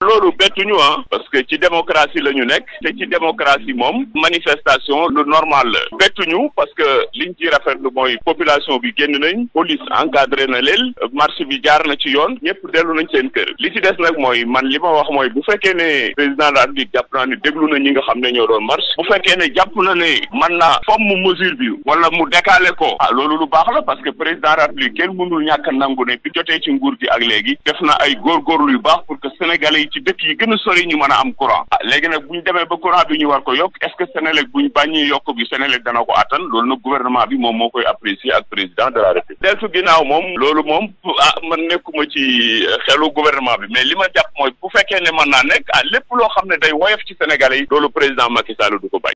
loolu ñu ah parce que ci démocratie la ñu nekk te ci démocratie moom manifestation lu normal la bettuñu parce que li ñu ci rafetlu mooy population bi génn nañ police encadré na leen marche bi jaar na ci yoon ñëpp dellu nañ seen kër li ci des nag mooy man li ma wax mooy bu fekkee ne président de la République jàpp naa ne déglu na ñi nga xam ne ñoo doon marche bu fekkee ne jàpp na ne man na fomm mesure bi wala mu décalé ko ah loolu lu baax la parce que président de la République kenn mënul ñàkk nangu ne jotee ci nguur gi ak léegi def na ay góorgóorlu yu baax pour que sénégalais ci dëkk yi gën a sori ñu man a am courant ah léegi nag buñ demee ba courant bi ñu war ko yokk est-ce que Sénélec bu ñu bàññee yokk bi Sénélec dana ko attan loolu nag gouvernement bi moom moo koy apprécier ak président de la République deltu ginnaaw moom loolu moom ah man nekkuma ci euh, xelu gouvernement bi mais li ma jàpp mooy bu fekkee ne mën naa nekk ah lépp loo xam ne day woyof ci Sénégalais yi loolu président Macky Sall du ko bàyyi